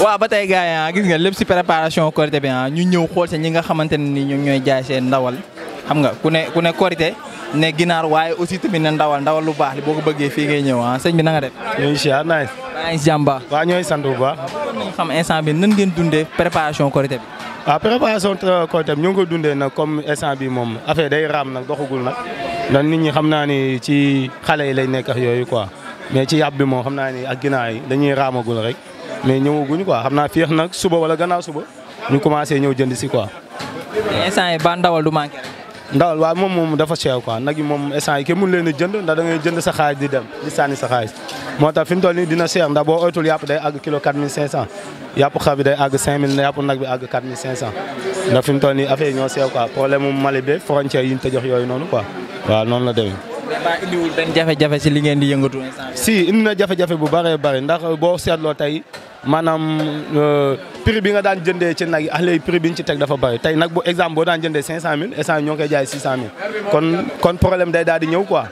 waaw ba tey gars yi ah, gis nga lépp si préparation korité bi ah ñu ñëw xool si ñi nga xamante ne ni ñoom ñooy jaay seen ndawal xam nga ku ne ku ne korité ne ginaar waaye aussi tamit ne ndawal ndawal lu baax li boo ko bëggee fii ngay ñëw ah señ bi na nga def. ñooy siyaar naaj. naaj jàmba. waaw ñooy sant bu baax. xam instant bi nan ngeen dundee préparation korité bi. waaw ah, préparation korité bi ñu ngi ko dundee nag comme instant bi moom affaire day raam nag doxagul nag ndax nit ñi xam naa ni ci xale yi lay nekk yooyu quoi mais ci yàpp bi moom xam naa ni ak ginaar yi dañuy raamagul rek mais ñëwaguñu quoi xam naa féex nag suba wala gannaaw suba ñu commencé ñëw jënd si quoi. mais instant yi ndawal du manqué ndawal waaw moom moom dafa cher quoi nag yi moom instant yi kenn mënu leen a jënd ndax da jënd sa xaalis di dem di sànni sa xaalis moo tax fi mu dina cher ndax boo oytul yàpp day àgg kilo 4500 yàpp xar bi day àgg 5000 yàpp nag bi àgg ndax fi mu toll ñoo cher quoi problème Mali bi frontière yi ñu tëjox yooyu noonu quoi waaw noonu la demee. vraiment si li ngeen di yëngatu si indi na jafe-jafe bu bëree bëri ndax boo seetloo maanaam euh, prix bi nga daan jëndee ci nag yi ah léegi bi ñu ci teg dafa bari tey nag bu exemple boo daan jëndee 500000 instant ñoo ngi koy jaay 600000 kon kon problème day daal di ñëw quoi.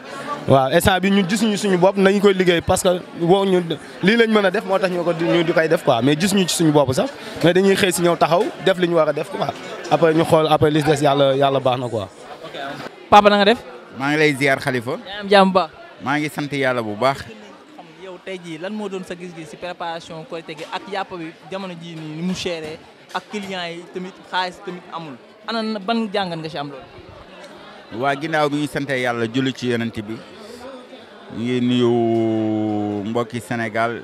waaw instant bi ñun gis ñu suñu bopp nañ koy liggéey parce que woo ñu lii lañ mën a def moo tax ñu ko ñu di koy def quoi mais gis ñu ci suñu bopp sax mais dañuy xëy si ñëw taxaw def li ñu war a def quoi après ñu xool après li des yàlla baax na quoi. papa na nga def. maa ngi lay ziar xalifa. yaa ngi maa ngi sant yàlla bu baax. tey jii lan moo doon sa gis gi si préparation Korité gi ak yàpp bi jamono jii nii ni mu chéré ak clients yi tamit xaalis tamit amul ana ban jàngat nga si am loolu. waa ginnaaw bi ñu sant yàlla julli ci yonent bi ñu ngi nuyu mbokki Sénégal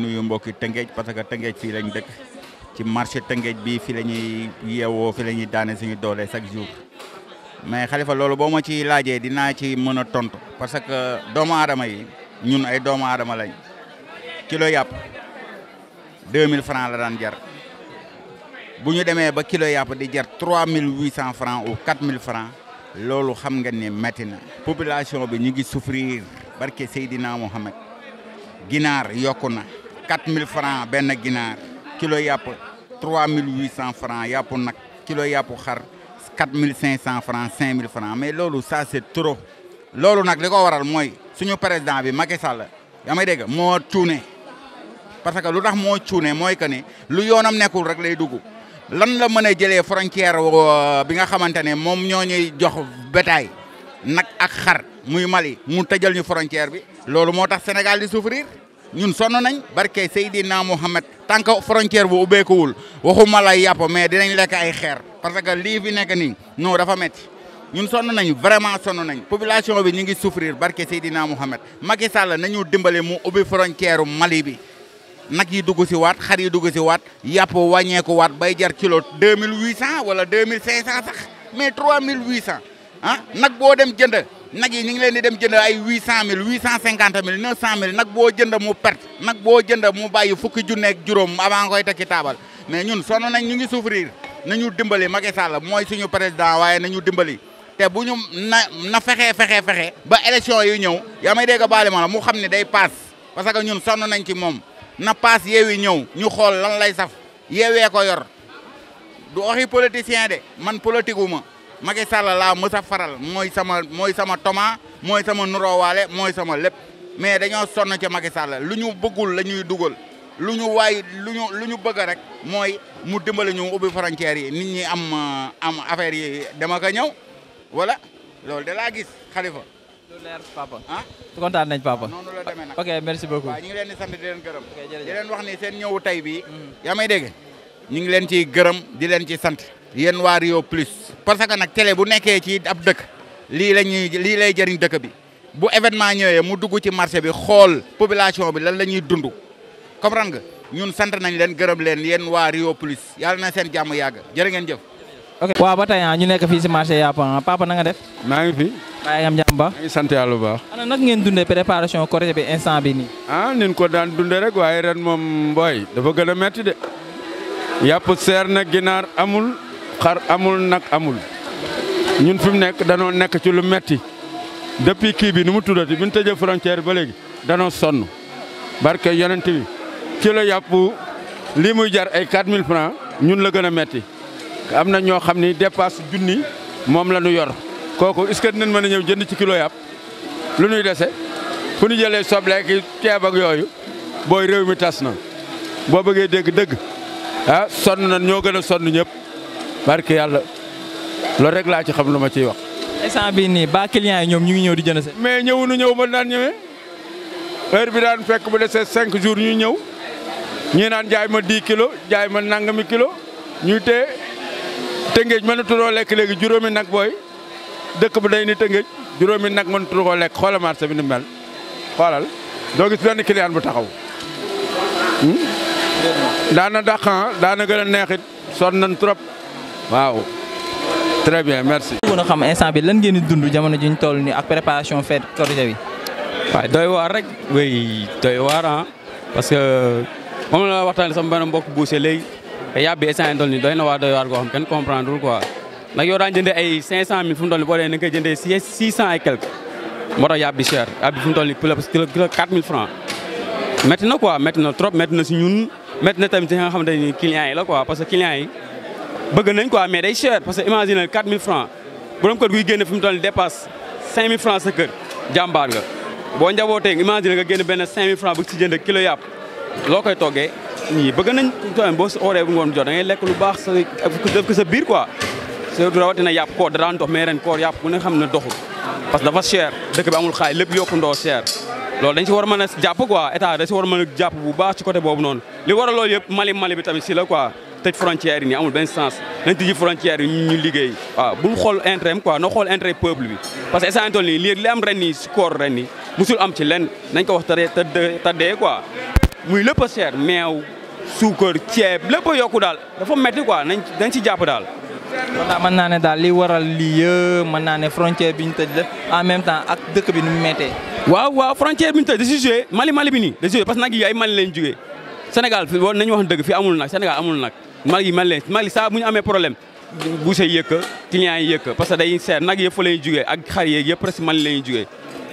nuyu mbokki Tëngéej parce que Tëngéej fii lañ dëkk ci marché Tëngéej bi fii la ñuy yeewoo fi la ñuy daane suñu doole chaque jour. mais Khalifa loolu boo ma ci laajee dinaa ci mën a tontu parce doomu aadama yi. ñun ay doomu aadama lañ kilo yàpp 2000 francs la daan jar bu ñu demee ba kilo yàpp di jar 3800 francs ou 4000 francs loolu xam nga ne métti na population bi ñu ngi souffrir barke Seydina Mohamed ginaar yokku na 4000 francs benn ginaar kilo yàpp 3800 francs yàpp nag kilo yàpp xar 4500 francs 5000 francs mais loolu ça c'est trop loolu nag li ko waral mooy suñu président bi Macky Sall yaa may dégg moo cuune parce que lu tax moo cuune mooy que ni lu yoonam nekkul rek lay dugg lan la mën a jëlee frontière euh, bi nga xamante ne moom ñoo ñuy jox bétail nag ak xar muy Mali mu tajal ñu frontière bi loolu moo tax Sénégal di souffrir ñun sonn nañ barke Seydina Mohamed tant que frontière bu ubbeekuwul waxuma lay yàpp mais dinañ lekk ay xeer parce que lii fi nekk nii non dafa métti. ñun sonn nañu vraiment sonn nañ population bi ñu ngi souffrir barke Seydina Mohamed Macky Sall nañu dimbale mu ubbi frontière Mali bi nag yi dugg si waat xar yi dugg si waat yàpp wàññeeku waat bay jar kilo 2800 wala 2500 sax mais 3800 ah nag boo dem jënd nag yi ñu ngi leen di dem jënd ay 800000 850000 900000 nag boo jënd mu perte nag boo jënd mu bàyyi fukki junneeg juróom avant koy tekki taabal mais ñun sonn nañ ñu ngi souffrir nañu dimbali Macky Sall mooy suñu président waaye nañu dimbali. te bu ñu na na fexe fexe fexe ba élection yu ñëw yaa may dégg baali ma la mu xam ne day paas parce que ñun sonn nañ ci moom na paas yeewi ñëw ñu xool lan lay saf yeewee ko yor du waxi politicien de man politique wu ma Macky Sall laa mës a faral mooy sama mooy sama toma mooy sama nuroowaale mooy sama lépp mais dañoo sonn ci Macky Sall lu ñu bëggul la ñuy dugal lu ñu waay lu ñu lu ñu bëgg rek mooy mu dimbali ñu ubbi frontières yi nit ñi am am affaire yi dama a ñëw wala loolu da laa gis xalifa lu leer papa ah kontaan nañ papa noonu la demee nag ok merci beaucoup waaw ñu ngi leen di sant di leen gërëm di leen wax ni seen ñëwu tey bi mhm. yaa may dégg ñu ngi leen ciy gërëm di leen ci sant yéen waa Rio Plus parce que nag télé bu nekkee ci ab dëkk lii la ñuy lii lay jëriñ dëkk bi bu événement ñëwee mu dugg ci marché bi xool population bi lan la ñuy dund comprendre rang ñun sant nañ leen gërëm leen yéen waa Rio Plus yàlla na seen jàmm yàgg jërë ngeen jëf ok waaw ba tey ah, ñu nekk fii si marché yàpp ah. papa na nga def. maa ngi fi. maa ngi am ba. maa sant yàlla bu baax. ana nag ngeen dundee préparation Korité bi instant bi nii. ah nin ko daan dunde rek waaye ren moom booy dafa gën a metti de. yàpp seer na ginaar amul xar amul nag amul ñun fi mu nekk danoo nekk ci lu metti depuis kii bi nu mu tuddati bi ñu tëjee frontière ba léegi danoo sonn barke yonent bi ci la yàpp lii muy jar ay 4000 francs ñun la gën a metti am na ñoo xam ni dépasse junni moom la ñu yor kooku est-ce que dinañ mën a ñëw jënd ci kilo yàpp lu ñuy dese fu ñu jëlee soble ak ceeb ak yooyu booy réew mi tas na boo bëggee dégg dëgg ah sonn na ñoo gën a sonn ñëpp barke yàlla loolu rek laa ci xam lu ma ciy wax. instant bii nii ba client yi ñoom ñu ngi ñëw di jënd si. mais nu ñëw ba daan ñëwee heure bi daan fekk bu desee cinq jours ñuy ñëw ñii naan jaay ma dix kilos jaay ma nangami kilo ñuy téye. tëngéej mënatuloo lekk léegi juróomi nag booy dëkk bu day ni tëngéej juróomi nag mënatu koo lekk xoola marché bi ni mel xoolal doo gis benn client bu taxaw. Hmm? daana dàq ah. daana gën a neexit sonn nañ trop waaw. très bien merci. gën a xam bi lan ngeen di dund jamono ji ñu toll nii ak préparation fête Korité bi. waaw doy waar rek oui doy waar ah parce que moom la waxtaanee sama benn mbokk buuse léegi. te yàpp bi instant yii toll nii doy na waar doy waar goo xam kenn comprendre lul quoi ndax ay 500000 fu mu toll nii boo dee na nga koy jëndee 600 et quelque yàpp bi cher yàpp bi fu mu toll nii kilo kilo 4000 francs métti na quoi métti trop métti si ñun métti tamit si nga xamante ni clients la quoi parce que clients yi bëgg nañ quoi mais day cher parce que imagine 4000 francs kër guy génn fi mu toll nii dépasse 5000 francs loo koy toggee ñii bëgg nañ tamit boo ooree bu ngoon jot da ngay lekk lu baax sa def ko sa biir quoi surtout yàpp koor da daan dox mais ren koor yàpp ku ne xam na doxul parce que dafa cher dëkk bi amul xaay lépp yokku ndoo cher loolu dañ si war a mën a jàpp quoi état dañ si war a mën a jàpp bu baax ci côté boobu noonu li war a loolu yëpp Mali Mali bi tamit si la tëj frontière yi nii amul benn sens nañ tëj frontière yi ñu liggéey waaw bu mu xool intérêt que essantol am ren nii si ko wax te muy lépp a cher meew suukar ceeb lépp a yokku daal dafa metti quoi nañ dañ ci jàpp daal. voilà mën naa ne daal li waral lii yëpp mën naa ne frontière bi ñu tëj la en même temps ak dëkk bi nu mu méttee. waaw waaw frontière bi ñu tëj da si joué Mali Mali bi ni da si joué parce que nag yi ay Mali lañ jógee Sénégal fi nañu wax dëgg fi amul nag Sénégal amul nag Mali yi Mali le Mali saa bu ñu amee problème boucher yëkk clients yi yëkk parce que day seer nag yëpp fa la ñuy jógee ak xar yeeg yëpp presque Mali la ñuy jógee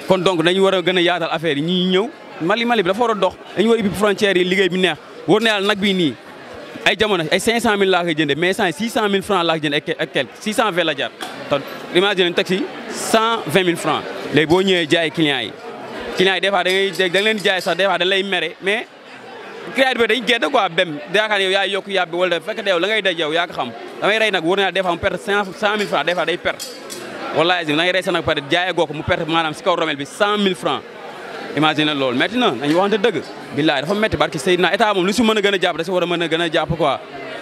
kon donc war a gën a yaatal affaire yi ñuy ñëw Mali Mali bi dafa war a dox dañu war a ubbi frontières yi liggéey bi neex wóor na yàlla nag bii nii ay jamono ay 500000 laa koy jëndee mais instant 600000 francs laa koy jëndee ak quelque 620 la jar te imagine ñu taxi 120000 francs léegi boo ñëwee jaay clients yi clients yi des fois da ngay da nga leen di jaay sax des fois da lay mere mais client bi dañ gedd bem yaakaar ne yow yaa yokk yàbbi wala fekk na yow la ngay daj yow yaa ko xam damay rey nag wóor na rey nag peut être jaayee goo ko imagine loolu métti na nañu waxante dëgg billaay dafa métti barki Seydina état moom lu si mën a gën a jàpp da war a mën a gën a jàpp quoi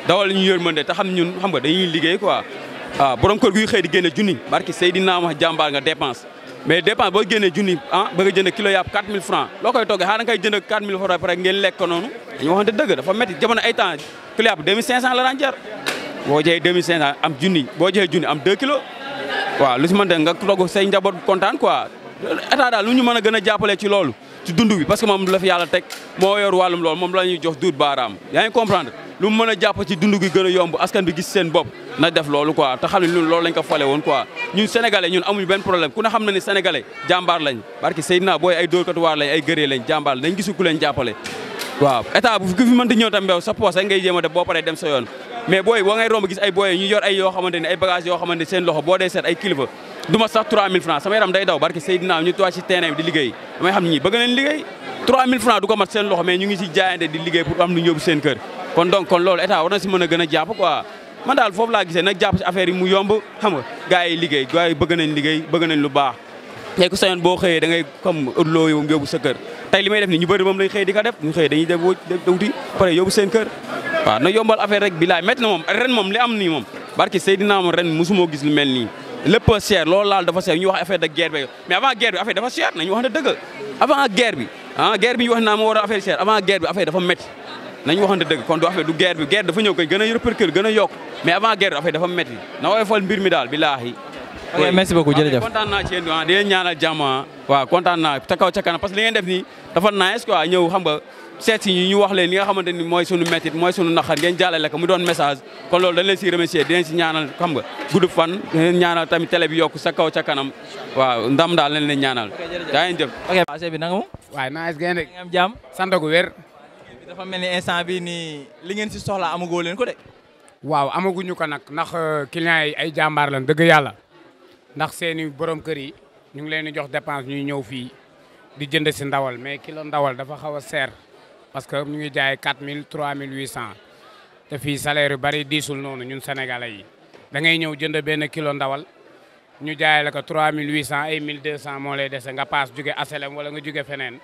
dawal ñu yërmande te ñun xam nga dañuy liggéey quoi waaw ah, borom kër guy xëy di génne junni barki Seydina wax nga dépense mais dépense boo génnee junni ah bëgg jënd kilo yàpp 4000 francs loo koy toggee xaaral ngay jënd 4000 francs pare ngeen lekk noonu dañu waxante dëgg dafa métti jamono ay kilo yàpp 2500 état daal lu ñu mën a gën a jàppale ci loolu ci dund bi parce que moom la fi yàlla teg moo yor wàllum loolu moom la ñuy jox duut baaraam yaa ngi comprendre lu mu mën a jàpp ci dund gi gën a yomb askan bi gis seen bopp na def loolu quoi te xam ne ñun loolu lañ ko fale woon a ñun sénégalais ñun amuñu benn problème ku ne na ni sénégalais jàmbaar lañ barki Seydina booy ay ay gëree lañ jàmbaar lañ gisu leen jàppale waaw état bu fi mën di ñëw tam mbew sa gis ay booy ñu yor ay yoo xamante ne ay bagage yoo seen loxo boo dee seet ay kilifa du ma sax 3000 francs sama yaram day daw barke Seydina ñu toog ci terrain bi di liggéey damay xam ne ñii bëgg nañ liggéey 3000 francs du ko mat seen loxo mais ñu ngi ci jaayante di liggéey pour am lu ñëw seen kër kon donc kon loolu état war na si mën a gën a jàpp quoi man daal foofu laa gisee nag jàpp si affaire yi mu yomb xam nga gars yi liggéey gars yi lu baax tey ku sañoon boo xëyee da ngay comme loo yóbbu sa kër tey li may def ni ñu bëri moom lañ xëy di ko def ñu xëy dañuy def wuti pare moom moom li am nii moom barke Seydina moom nii lépp a cher loolu laal dafa cher ñu wax affaire de guerre bi mais avant guerre bi affaire dafa cher nañu wax ne dëgg avant guerre bi ah guerre bi ñu wax naa moo war a affaire cher avant guerre bi affaire dafa métti nañu waxante dëgg kon du affaire du guerre bi guerre dafa ñëw koy gën a répercuter a yokk mais avant guerre dafa métti na woy fal mbir mi daal billaahi ok merci beaucoup jërëjëf kontaan naa ci yéen ah di leen ñaanal jàmm waaw kontaan naa ca kaw ca kanam parce que li ngeen def nii dafa nice quoi ñëw seet si ñu ñu wax leen li nga xamante ni mooy sunu métit mooy sunu naqar ngeen jàllale ko mu doon message kon loolu dañ leen si remercier di leen si ñaanal xam nga gudd fan ñaanal tamit télé bi yokk sa kaw ca kanam waaw ndam daal lañ leen ñaanal daa ngeen jëf ok bi nanga mu waaw nice ngeen rek am jàmm sant gu wér dafa mel ni instant bi nii li ngeen si soxla amagoo leen ko de waaw amaguñu ko nag ndax euh, clients yi ay jàmbaar lañ dëgg yàlla ndax seeni borom kër yi ñu ngi leen di jox dépense ñuy ñëw fii di jënd si ndawal mais kilo ndawal dafa xaw a seer parce que mu ngi jaay quatre mille trois mille huit cent te fii salaire yu bari diisul noonu ñun sénégalais yi da ngay ñëw jënd benn kilo ndawal ñu jaay la ko trois mille huit cent ay mille deux cent moo lay dese nga paas jóge aselem wala nga jóge feneen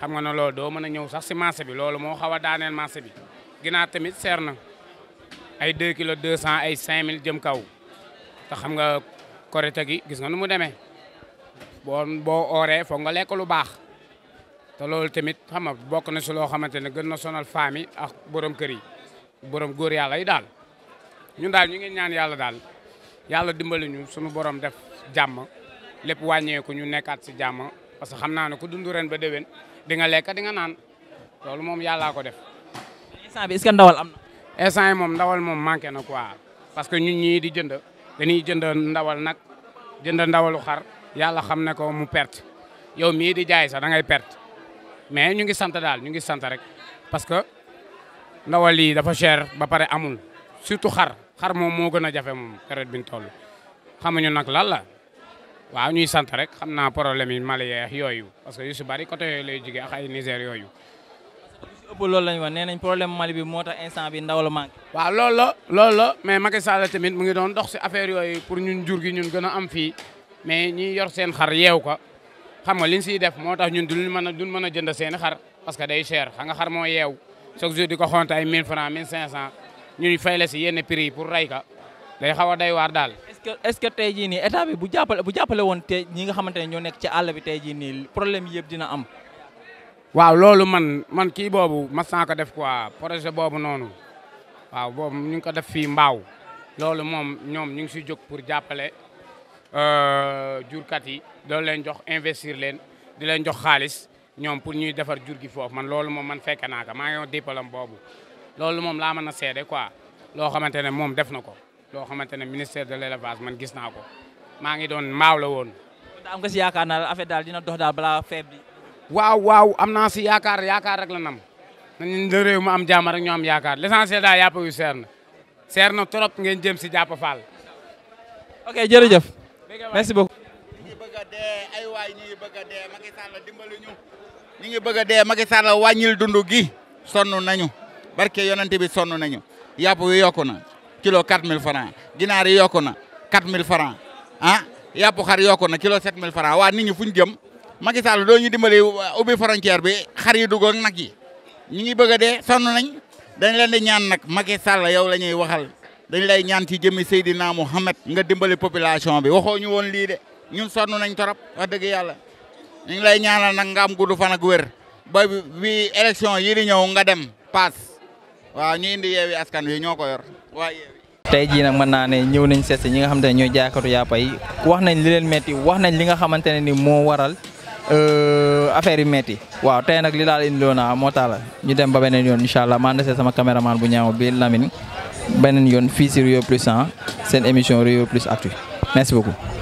xam nga ne loolu doo mën a ñëw sax si marché bi loolu moo xaw a daaneel marché bi ginaar tamit seer na ay deux kilo deux cent ay cinq mille jëm kaw te xam nga korite gi gis nga nu mu demee boo boo ooree foog nga lekk lu baax te loolu tamit xam nga bokk na si loo xamante ne gën na sonal femmes yi ak borom kër yi borom góor yàlla yi daal ñun daal ñu ngi ñaan yàlla daal yàlla dimbali ñu suñu borom def jàmm lépp wàññeeku ñu nekkaat si jàmm parce que xam naa ne ku dund ren ba dewen di nga lekk di nga naan loolu moom yàllaa ko def. instant bi est ndawal am na. instant moom ndawal moom manqué na quoi parce que ñun ñii di jënd dañuy jënd ndawal nag jënd ndawalu xar yàlla xam ne ko mu perte yow mii di jaay sax da ngay mais ñu ngi sant daal ñu ngi sant rek parce que ndawal yi dafa cher ba pare amul surtout xar xar moom moo gën a jafe moom période bi ñu toll xamuñu nag lan la waaw ñuy sant rek xam naa problème yi Mali yeex yooyu parce que yu si bari côté yooyu lay jógee ak ay Niger yooyu. ëpp loolu lañu wax nee nañ problème Mali bi moo tax instant bi ndaw la manqué. waaw loolu la loolu la mais Macky Sall tamit mu ngi doon dox si affaire yooyu pour ñun jur gi ñun gën a am fii mais ñi yor seen xar yeew ko. xam nga liñ siy def moo tax ñun duñ mën a duñ mën a jënd seen xar parce que day cher xam nga xar moo yeew chaque jour di ko xonte ay 1000 francs 1500 ñuy fay la si yenn prix yi pour ka day xaw a waar daal. est que est-ce nii état bu jàppale woon ñi nga xamante ne ñoo nekk bi tey jii nii problème yëpp dina am. waaw loolu man man kii boobu mas naa ko def quoi projet boobu noonu waaw boobu ñu ngi ko def fii mbaaw loolu moom ñoom ñu ngi siy jóg pour Euh, jurkat yi doon leen jox investir leen di leen jox xaalis ñoom pour ñuy defar jur gi foofu man loolu moom man fekk naa maa ngi wax diplôme boobu loolu moom laa mën a seede quoi loo xamante ne moom def na ko loo xamante ne ministère de l'élevage man gis naa ko maa ngi doon maaw la woon. am nga si yaakaar naa affaire daal dina dox daal balaa faible. waaw waaw am naa si yaakaar yaakaar rek la nam nañu ne réew mu am jàmm rek ñu am yaakaar l'essentiel daal yàpp yu seer na seer na trop ngeen jëm si jàpp faal. merci beaucoup. ñu ngi a dee ay waay ñu ngi a dee Macky dimbali ñu. ñu ngi a dee Macky Sall wàññil dund gi sonn nañu barke yonent bi sonn nañu yàpp yokku na kilo 4000 francs ginaar yi yokku na 4000 francs ah yàpp xar yokku na kilo 7000 francs waa nit ñi fu ñu jëm Macky Sall doo ñu dimbali ubbi frontière bi xar yi dugg ak nag yi ñu a dee sonn nañ dañ leen di ñaan nag Macky Sall yow waxal. dañu lay ñaan ci jëmmi Seydina Mouhamed nga dimbali population bi waxoo ñu woon lii de ñun sonn nañ torop wax dëgg yàlla ñu lay ñaanal na nga am gudd fan ak wér ba bi élection yi di ñëw nga dem paas waaw ñu indi yeewi askan wi ñoo ko yor waa tey jii nag mën naa ne ñëw nañ seet si ñi nga xamante ne ñooy jaaykatu yàppa yi wax nañ li leen metti wax nañ li nga xamante ne ni moo waral euh, affaire yi metti waa te nag li daal indi loona moo tax la ñu dem ba beneen yoon incha allah maa ngi desee bu ñaaw bi beneen yoon fii si Rio Plus 1 seen émission Rio Plus Actu merci beaucoup.